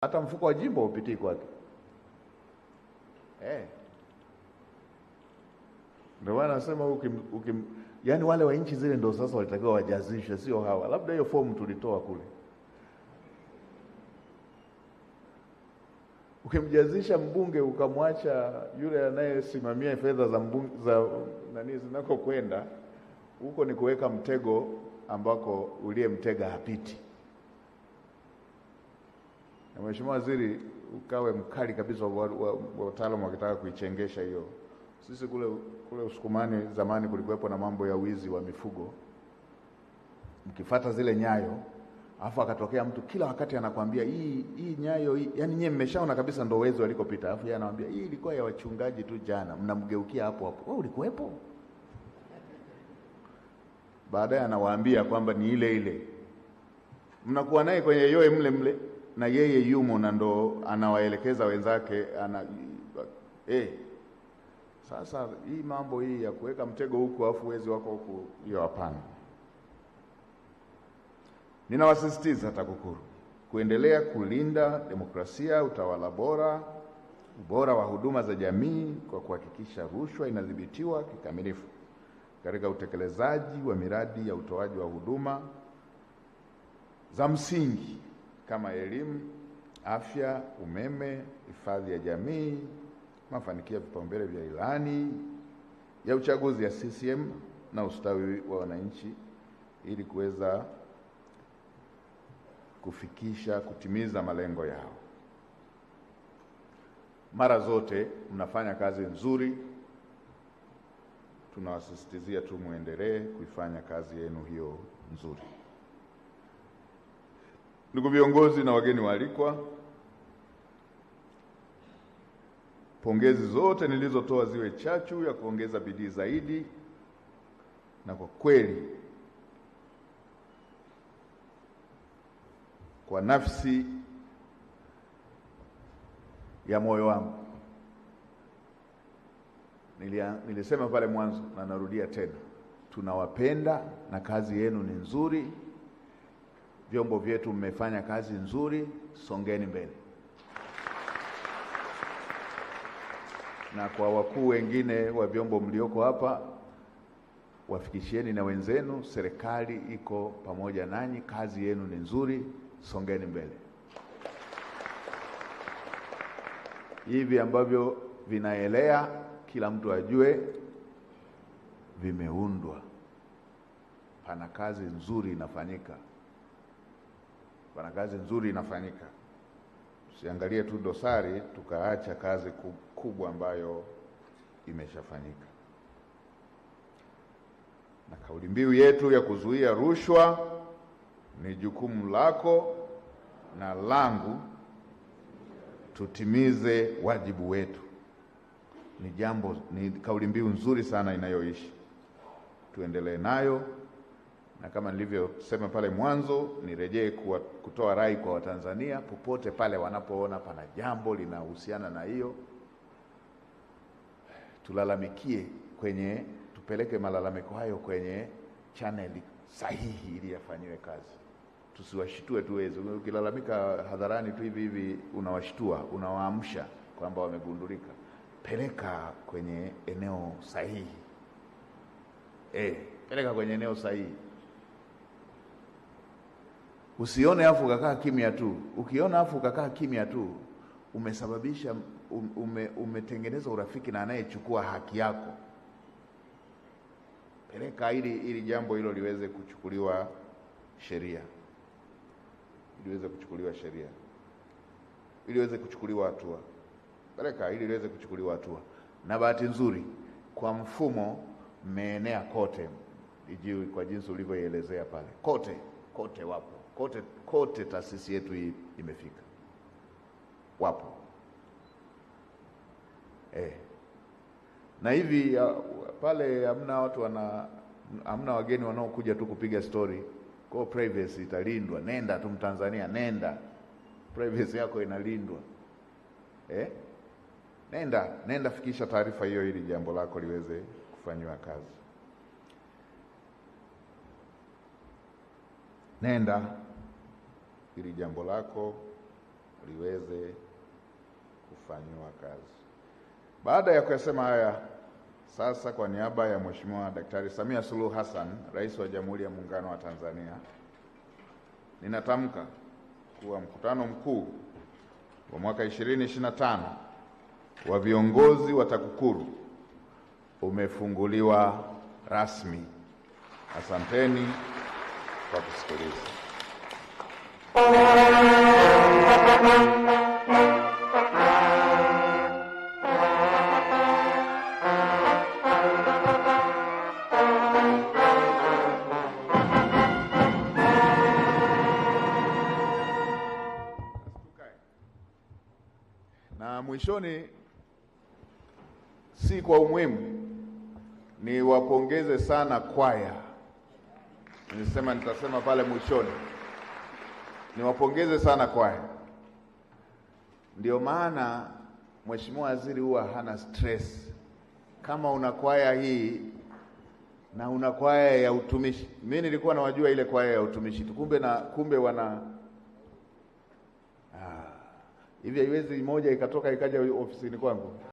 hata mfuko wa jimbo upitii kwake eh. Ndio maana nasema ukim, ukim, yani wale wa nchi zile ndio sasa walitakiwa wajazishwe sio hawa. Labda hiyo fomu tulitoa kule. Ukimjazisha mbunge ukamwacha yule anayesimamia fedha za mbunge, za nani zinakokwenda huko, ni kuweka mtego ambako uliyemtega hapiti na Mheshimiwa Waziri ukawe mkali kabisa, wataalamu wakitaka kuichengesha hiyo. Sisi kule, kule Usukumani zamani kulikuwepo na mambo ya wizi wa mifugo, mkifata zile nyayo alafu akatokea mtu kila wakati anakwambia hii hii nyayo hii, yani nyewe mmeshaona kabisa ndo wezi walikopita, alafu yeye anamwambia hii ilikuwa ya wachungaji tu jana, mnamgeukia hapo hapo, wewe ulikuwepo. Baadaye anawaambia kwamba ni ile ile, mnakuwa naye kwenye yoe mle mle na yeye yumo na ndo anawaelekeza wenzake ana, eh, sasa hii mambo hii ya kuweka mtego huku afu wezi wako huku, hiyo hapana. Ninawasisitiza TAKUKURU kuendelea kulinda demokrasia, utawala bora, ubora wa huduma za jamii kwa kuhakikisha rushwa inadhibitiwa kikamilifu katika utekelezaji wa miradi ya utoaji wa huduma za msingi kama elimu, afya, umeme, hifadhi ya jamii, mafanikio ya vipaumbele vya ilani ya uchaguzi ya CCM na ustawi wa wananchi ili kuweza kufikisha kutimiza malengo yao. Mara zote mnafanya kazi nzuri, tunawasisitizia tu muendelee kuifanya kazi yenu hiyo nzuri. Ndugu viongozi na wageni waalikwa, pongezi zote nilizotoa ziwe chachu ya kuongeza bidii zaidi, na kwa kweli kwa nafsi ya moyo wangu nilisema pale mwanzo na narudia tena, tunawapenda na kazi yenu ni nzuri vyombo vyetu, mmefanya kazi nzuri, songeni mbele. Na kwa wakuu wengine wa vyombo mlioko hapa, wafikishieni na wenzenu, serikali iko pamoja nanyi, kazi yenu ni nzuri, songeni mbele. Hivi ambavyo vinaelea, kila mtu ajue vimeundwa, pana kazi nzuri inafanyika pana kazi nzuri inafanyika. Tusiangalie tu dosari tukaacha kazi kubwa ambayo imeshafanyika. Na kauli mbiu yetu ya kuzuia rushwa ni jukumu lako na langu, tutimize wajibu wetu. Ni jambo, ni kauli mbiu nzuri sana inayoishi, tuendelee nayo na kama nilivyosema pale mwanzo, nirejee kutoa rai kwa Watanzania popote pale wanapoona pana jambo linahusiana na hiyo, tulalamikie kwenye, tupeleke malalamiko hayo kwenye chaneli sahihi ili yafanyiwe kazi. tusiwashitue tu wezi. Ukilalamika hadharani tu hivi hivi, unawashtua unawaamsha kwamba wamegundulika. Peleka kwenye eneo sahihi e, peleka kwenye eneo sahihi. Usione afu ukakaa kimya tu. Ukiona afu ukakaa kimya tu, umesababisha um, ume, umetengeneza urafiki na anayechukua haki yako. Peleka ili ili jambo hilo liweze kuchukuliwa sheria, liweze kuchukuliwa sheria, iliweze liweze kuchukuliwa hatua. Peleka ili liweze kuchukuliwa hatua. Na bahati nzuri kwa mfumo mmeenea kote, ijiwi kwa jinsi ulivyoelezea pale, kote kote wapo kote kote, taasisi yetu hii imefika, wapo eh. Na hivi ya, pale hamna watu wana hamna wageni wanaokuja tu kupiga stori kwa privacy italindwa. Nenda tu Mtanzania, nenda, privacy yako inalindwa eh? Nenda nenda, fikisha taarifa hiyo ili jambo lako liweze kufanyiwa kazi. nenda ili jambo lako liweze kufanyiwa kazi. Baada ya kuyasema haya, sasa kwa niaba ya Mheshimiwa Daktari Samia Suluhu Hassan, Rais wa Jamhuri ya Muungano wa Tanzania, ninatamka kuwa mkutano mkuu wa mwaka 2025 wa viongozi wa TAKUKURU umefunguliwa rasmi. Asanteni kwa kusikiliza. Mwishoni, si kwa umuhimu, wapongeze sana kwaya nilisema nitasema pale mwishoni. Niwapongeze sana kwaya, ndio maana mheshimiwa waziri huwa hana stress. Kama una kwaya hii na una kwaya ya utumishi, mimi nilikuwa nawajua ile kwaya ya utumishi tu, kumbe na kumbe wana ah, hivi haiwezi moja ikatoka ikaja ofisini kwangu.